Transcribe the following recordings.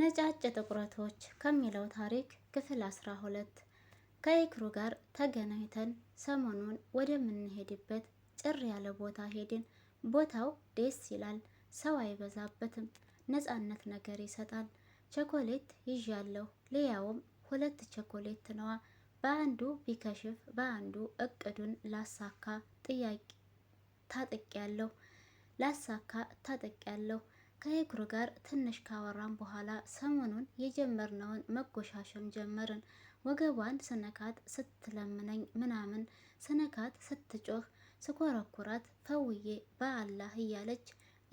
ነጫጭ ጥቁረቶች ከሚለው ታሪክ ክፍል አስራ ሁለት ከይክሩ ጋር ተገናኝተን ሰሞኑን ወደምንሄድበት ጭር ያለ ቦታ ሄድን። ቦታው ደስ ይላል፣ ሰው አይበዛበትም፣ ነፃነት ነገር ይሰጣል። ቸኮሌት ይዣለሁ፣ ሊያውም ሁለት ቸኮሌት ነዋ። በአንዱ ቢከሽፍ በአንዱ እቅዱን ላሳካ ጥያቄ ያለሁ ላሳካ ያለሁ ከይኩሩ ጋር ትንሽ ካወራን በኋላ ሰሞኑን የጀመርነውን መጎሻሸም ጀመርን። ወገቧን ስነካት ስትለምነኝ ምናምን ስነካት ስትጮህ ስኮረኩራት ፈውዬ በአላህ እያለች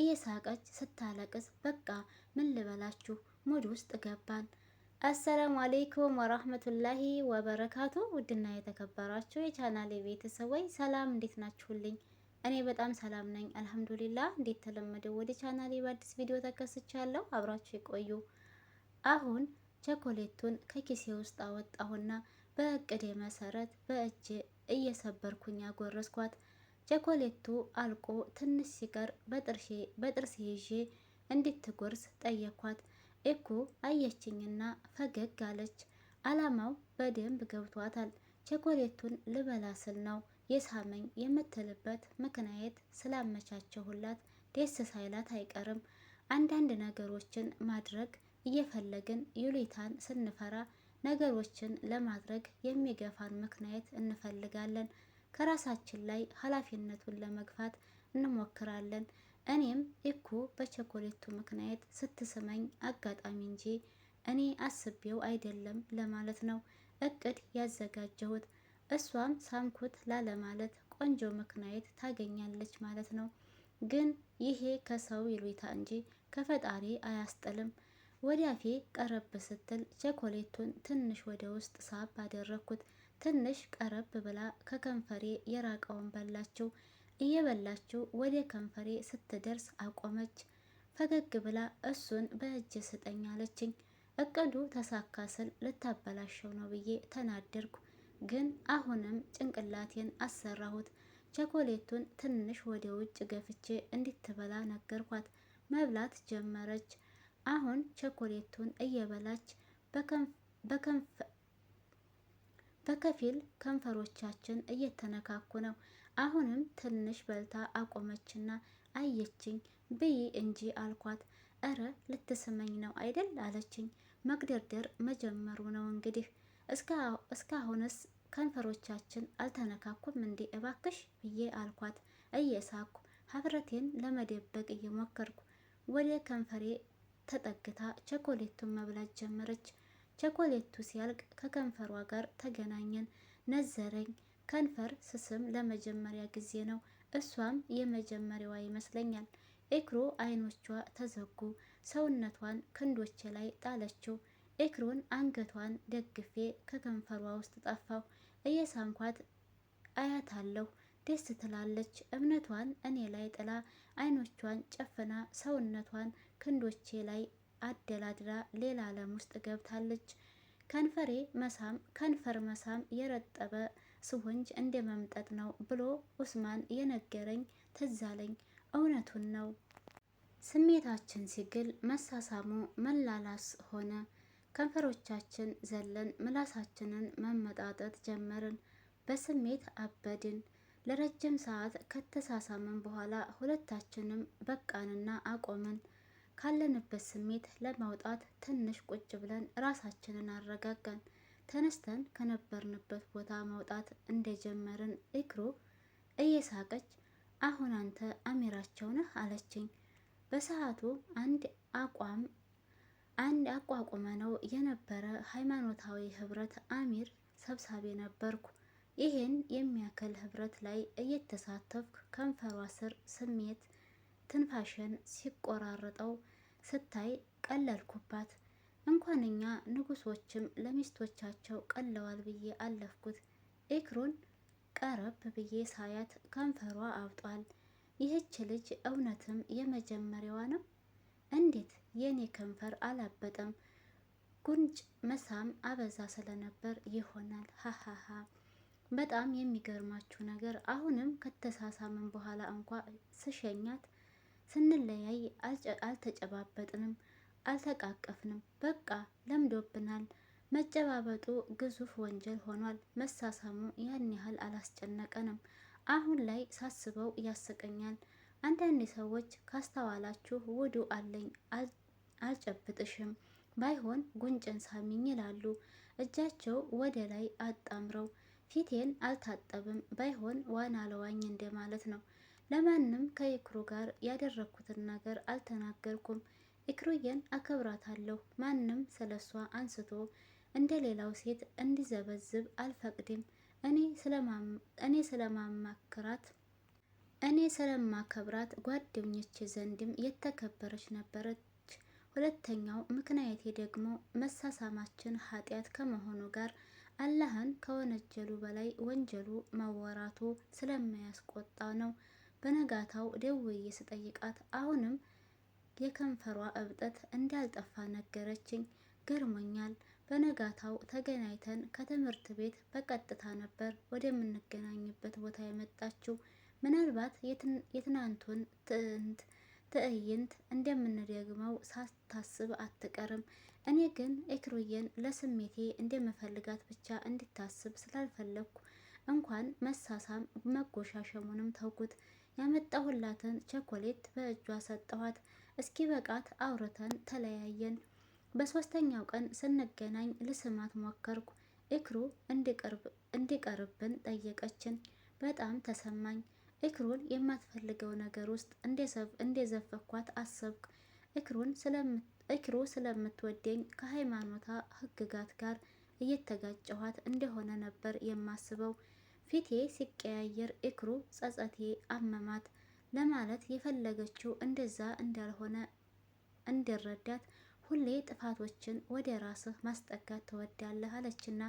እየሳቀች ስታለቅስ በቃ ምን ልበላችሁ ሙድ ውስጥ ገባን። አሰላሙ አሌይኩም ወራህመቱላሂ ወበረካቱ። ውድና የተከበራችሁ የቻናሌ ቤተሰቦች ሰላም፣ እንዴት ናችሁልኝ? እኔ በጣም ሰላም ነኝ አልሐምዱሊላ። ተለመደው ወደ ቻናሌ በአዲስ ቪዲዮ ተከስቻለሁ። አብራችሁ የቆዩ። አሁን ቸኮሌቱን ከኪሴ ውስጥ አወጣሁና በእቅዴ መሰረት በእጄ እየሰበርኩኝ አጎረስኳት! ቸኮሌቱ አልቆ ትንሽ ሲቀር በጥርሴ በጥርሴ ይዤ እንድትጎርስ ጠየኳት። እኮ አየችኝና ፈገግ አለች። አላማው በደንብ ገብቷታል። ቸኮሌቱን ልበላ ስል ነው የሳመኝ የምትልበት ምክንያት ስላመቻቸሁላት ደስ ሳይላት አይቀርም። አንዳንድ ነገሮችን ማድረግ እየፈለግን ዩሊታን ስንፈራ ነገሮችን ለማድረግ የሚገፋን ምክንያት እንፈልጋለን። ከራሳችን ላይ ኃላፊነቱን ለመግፋት እንሞክራለን። እኔም እኮ በቸኮሌቱ ምክንያት ስትስመኝ አጋጣሚ እንጂ እኔ አስቤው አይደለም ለማለት ነው። እቅድ ያዘጋጀሁት። እሷም ሳምኩት ላለማለት ቆንጆ ምክንያት ታገኛለች ማለት ነው። ግን ይሄ ከሰው ይሉኝታ እንጂ ከፈጣሪ አያስጥልም። ወዲያፌ ቀረብ ስትል ቸኮሌቱን ትንሽ ወደ ውስጥ ሳብ አደረግኩት። ትንሽ ቀረብ ብላ ከከንፈሬ የራቀውን በላችው። እየበላችው ወደ ከንፈሬ ስትደርስ አቆመች። ፈገግ ብላ እሱን በእጅ ስጠኝ አለችኝ። እቅዱ ተሳካ ስል ልታበላሸው ነው ብዬ ተናደርኩ። ግን አሁንም ጭንቅላቴን አሰራሁት። ቸኮሌቱን ትንሽ ወደ ውጭ ገፍቼ እንድትበላ ነገርኳት። መብላት ጀመረች። አሁን ቸኮሌቱን እየበላች በከፊል ከንፈሮቻችን እየተነካኩ ነው። አሁንም ትንሽ በልታ አቆመችና አየችኝ። ብይ እንጂ አልኳት። እረ ልትስመኝ ነው አይደል አለችኝ። መግደርደር መጀመሩ ነው። እንግዲህ እስካሁንስ ከንፈሮቻችን አልተነካኩም እንዴ እባክሽ ብዬ አልኳት እየሳኩ ሀፍረቴን ለመደበቅ እየሞከርኩ። ወደ ከንፈሬ ተጠግታ ቸኮሌቱን መብላት ጀመረች። ቸኮሌቱ ሲያልቅ ከከንፈሯ ጋር ተገናኘን። ነዘረኝ። ከንፈር ስስም ለመጀመሪያ ጊዜ ነው። እሷም የመጀመሪያዋ ይመስለኛል። ኤክሮ አይኖቿ ተዘጉ። ሰውነቷን ክንዶቼ ላይ ጣለችው። ኤክሮን አንገቷን ደግፌ ከከንፈሯ ውስጥ ጠፋው። እየሳምኳት አያታለሁ። ደስ ትላለች። እምነቷን እኔ ላይ ጥላ አይኖቿን ጨፍና ሰውነቷን ክንዶቼ ላይ አደላድራ ሌላ ዓለም ውስጥ ገብታለች። ከንፈሬ መሳም ከንፈር መሳም የረጠበ ስሆንጅ እንደ መምጠጥ ነው ብሎ ኡስማን የነገረኝ ትዛለኝ። እውነቱን ነው። ስሜታችን ሲግል መሳሳሙ መላላስ ሆነ። ከንፈሮቻችን ዘለን ምላሳችንን መመጣጠጥ ጀመርን። በስሜት አበድን። ለረጅም ሰዓት ከተሳሳምን በኋላ ሁለታችንም በቃንና አቆምን። ካለንበት ስሜት ለማውጣት ትንሽ ቁጭ ብለን ራሳችንን አረጋጋን። ተነስተን ከነበርንበት ቦታ መውጣት እንደጀመርን እክሩ እየሳቀች አሁን አንተ አሚራቸው ነህ አለችኝ። በሰዓቱ አንድ አቋም አንድ አቋቁመ ነው የነበረ ሃይማኖታዊ ህብረት አሚር ሰብሳቢ ነበርኩ። ይህን የሚያክል ህብረት ላይ እየተሳተፍኩ ከንፈሯ ስር ስሜት ትንፋሽን ሲቆራረጠው ስታይ ቀለልኩባት። እንኳንኛ ንጉሶችም ለሚስቶቻቸው ቀለዋል ብዬ አለፍኩት። ኤክሮን ቀረብ ብዬ ሳያት ከንፈሯ አብጧል። ይህች ልጅ እውነትም የመጀመሪያዋ ነው? እንዴት የኔ ከንፈር አላበጠም? ጉንጭ መሳም አበዛ ስለነበር ይሆናል። ሀሀሀ በጣም የሚገርማችሁ ነገር አሁንም ከተሳሳምን በኋላ እንኳ ስሸኛት ስንለያይ አልተጨባበጥንም፣ አልተቃቀፍንም። በቃ ለምዶብናል። መጨባበጡ ግዙፍ ወንጀል ሆኗል። መሳሳሙ ያን ያህል አላስጨነቀንም። አሁን ላይ ሳስበው ያሰቀኛል። አንዳንድ ሰዎች ካስተዋላችሁ ውዱ አለኝ አልጨብጥሽም፣ ባይሆን ጉንጭን ሳሚኝ ይላሉ። እጃቸው ወደ ላይ አጣምረው ፊቴን አልታጠብም፣ ባይሆን ዋና ለዋኝ እንደማለት ነው። ለማንም ከኢክሩ ጋር ያደረግኩትን ነገር አልተናገርኩም። ኢክሩዬን አከብራታለሁ። ማንም ስለሷ አንስቶ እንደ ሌላው ሴት እንዲዘበዝብ አልፈቅድም። እኔ ስለማማክራት እኔ ስለማከብራት ጓደኞች ዘንድም የተከበረች ነበረች። ሁለተኛው ምክንያቴ ደግሞ መሳሳማችን ኃጢአት ከመሆኑ ጋር አላህን ከወነጀሉ በላይ ወንጀሉ መወራቱ ስለማያስቆጣ ነው። በነጋታው ደውዬ ስጠይቃት አሁንም የከንፈሯ እብጠት እንዳልጠፋ ነገረችኝ። ገርሞኛል። በነጋታው ተገናኝተን ከትምህርት ቤት በቀጥታ ነበር ወደምንገናኝበት ቦታ የመጣችው። ምናልባት የትናንቱን ትዕንት ትዕይንት እንደምንደግመው ሳታስብ አትቀርም። እኔ ግን ኤክሩዬን ለስሜቴ እንደምፈልጋት ብቻ እንዲታስብ ስላልፈለግኩ እንኳን መሳሳም መጎሻሸሙንም ተውኩት። ያመጣሁላትን ቸኮሌት በእጇ ሰጠኋት። እስኪ በቃት አውርተን ተለያየን። በሶስተኛው ቀን ስንገናኝ ልስማት ሞከርኩ። እክሩ እንዲቀርብን ጠየቀችን። በጣም ተሰማኝ። እክሩን የማትፈልገው ነገር ውስጥ እንደዘፈኳት አሰብኩ። እክሩ ስለምትወደኝ ከሃይማኖታ ህግጋት ጋር እየተጋጨኋት እንደሆነ ነበር የማስበው። ፊቴ ሲቀያየር እክሩ ጸጸቴ አመማት። ለማለት የፈለገችው እንደዛ እንዳልሆነ እንድረዳት! ሁሌ ጥፋቶችን ወደ ራስህ ማስጠጋት ትወዳለህ አለችና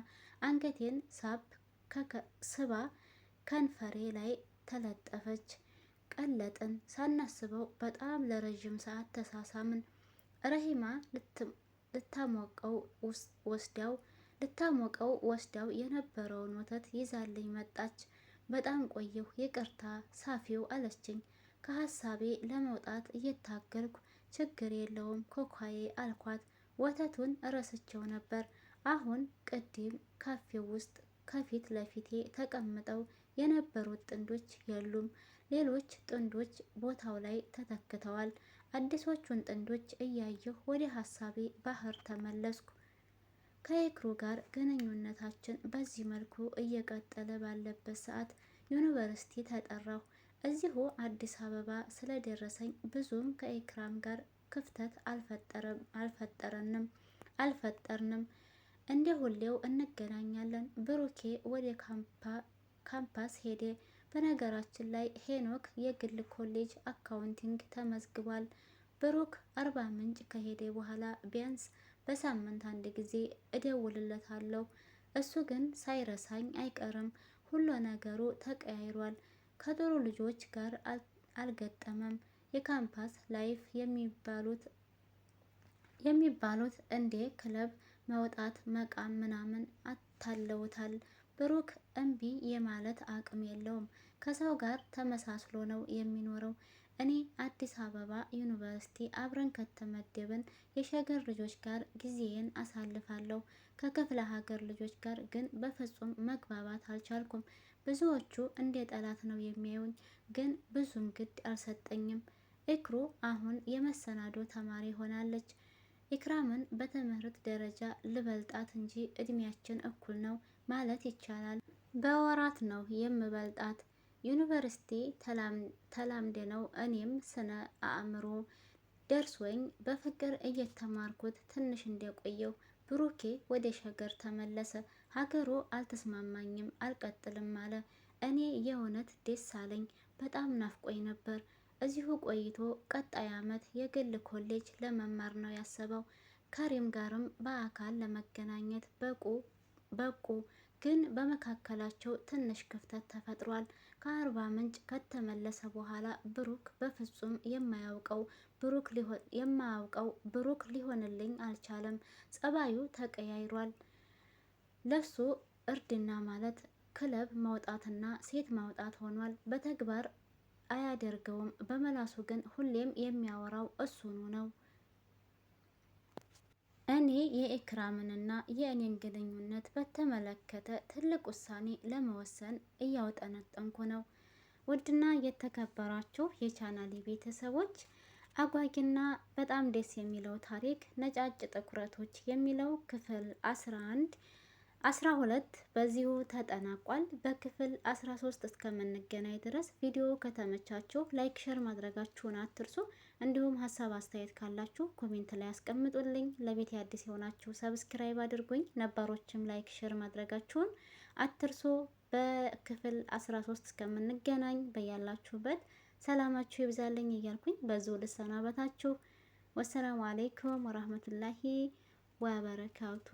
አንገቴን ሳብ ስባ ከንፈሬ ላይ ተለጠፈች። ቀለጥን። ሳናስበው በጣም ለረዥም ሰዓት ተሳሳምን። ረሂማ ልታሞቀው ወስዳው ልታሞቀው ወስዳው የነበረውን ወተት ይዛልኝ መጣች። በጣም ቆየሁ፣ ይቅርታ ሳፊው አለችኝ። ከሀሳቤ ለመውጣት እየታገልኩ ችግር የለውም ኮኳዬ አልኳት። ወተቱን ረስቸው ነበር። አሁን ቅድም ካፌው ውስጥ ከፊት ለፊቴ ተቀምጠው የነበሩት ጥንዶች የሉም። ሌሎች ጥንዶች ቦታው ላይ ተተክተዋል። አዲሶቹን ጥንዶች እያየሁ ወደ ሀሳቤ ባህር ተመለስኩ። ከኤክሩ ጋር ግንኙነታችን በዚህ መልኩ እየቀጠለ ባለበት ሰዓት ዩኒቨርሲቲ ተጠራሁ። እዚሁ አዲስ አበባ ስለደረሰኝ ብዙም ከኤክራም ጋር ክፍተት አልፈጠረንም አልፈጠርንም እንደ ሁሌው እንገናኛለን። ብሩኬ ወደ ካምፓስ ሄደ። በነገራችን ላይ ሄኖክ የግል ኮሌጅ አካውንቲንግ ተመዝግቧል። ብሩክ አርባ ምንጭ ከሄደ በኋላ ቢያንስ በሳምንት አንድ ጊዜ እደውልለታለሁ። እሱ ግን ሳይረሳኝ አይቀርም። ሁሉ ነገሩ ተቀያይሯል። ከጥሩ ልጆች ጋር አልገጠመም። የካምፓስ ላይፍ የሚባሉት የሚባሉት እንዴ ክለብ መውጣት መቃም ምናምን አታለውታል። ብሩክ እምቢ የማለት አቅም የለውም። ከሰው ጋር ተመሳስሎ ነው የሚኖረው። እኔ አዲስ አበባ ዩኒቨርሲቲ አብረን ከተመደብን የሸገር ልጆች ጋር ጊዜዬን አሳልፋለሁ። ከክፍለ ሀገር ልጆች ጋር ግን በፍጹም መግባባት አልቻልኩም። ብዙዎቹ እንደ ጠላት ነው የሚያዩኝ፣ ግን ብዙም ግድ አልሰጠኝም። ኢክሩ አሁን የመሰናዶ ተማሪ ሆናለች። ኢክራምን በትምህርት ደረጃ ልበልጣት እንጂ እድሜያችን እኩል ነው ማለት ይቻላል። በወራት ነው የምበልጣት። ዩኒቨርሲቲ ተላምድ ነው። እኔም ስነ አእምሮ ደርሶኝ በፍቅር እየተማርኩት ትንሽ እንደቆየው ብሩኬ ወደ ሸገር ተመለሰ። ሀገሩ አልተስማማኝም አልቀጥልም አለ። እኔ የእውነት ደስ አለኝ። በጣም ናፍቆኝ ነበር። እዚሁ ቆይቶ ቀጣይ ዓመት የግል ኮሌጅ ለመማር ነው ያሰበው። ከሪም ጋርም በአካል ለመገናኘት በቁ በቁ ግን በመካከላቸው ትንሽ ክፍተት ተፈጥሯል። ከአርባ ምንጭ ከተመለሰ በኋላ ብሩክ በፍጹም የማያውቀው ብሩክ ሊሆን የማያውቀው ብሩክ ሊሆንልኝ አልቻለም። ጸባዩ ተቀያይሯል። ለሱ እርድና ማለት ክለብ ማውጣትና ሴት ማውጣት ሆኗል። በተግባር አያደርገውም። በመላሱ ግን ሁሌም የሚያወራው እሱኑ ነው። እኔ የኤክራምንና የእኔን ግንኙነት በተመለከተ ትልቅ ውሳኔ ለመወሰን እያወጠነጠንኩ ነው። ውድና የተከበራችሁ የቻናሌ ቤተሰቦች አጓጊና በጣም ደስ የሚለው ታሪክ ነጫጭ ትኩረቶች የሚለው ክፍል 11 12 በዚሁ ተጠናቋል። በክፍል 13 እስከምንገናኝ ድረስ ቪዲዮ ከተመቻችሁ ላይክ፣ ሸር ማድረጋችሁን አትርሱ። እንዲሁም ሀሳብ አስተያየት ካላችሁ ኮሜንት ላይ አስቀምጡልኝ። ለቤት አዲስ የሆናችሁ ሰብስክራይብ አድርጉኝ። ነባሮችም ላይክ፣ ሼር ማድረጋችሁን አትርሶ። በክፍል 13 እስከምንገናኝ በያላችሁበት ሰላማችሁ ይብዛልኝ እያልኩኝ በዚሁ ልሰናበታችሁ። ወሰላሙ አሌይኩም ወራህመቱላሂ ወበረካቱ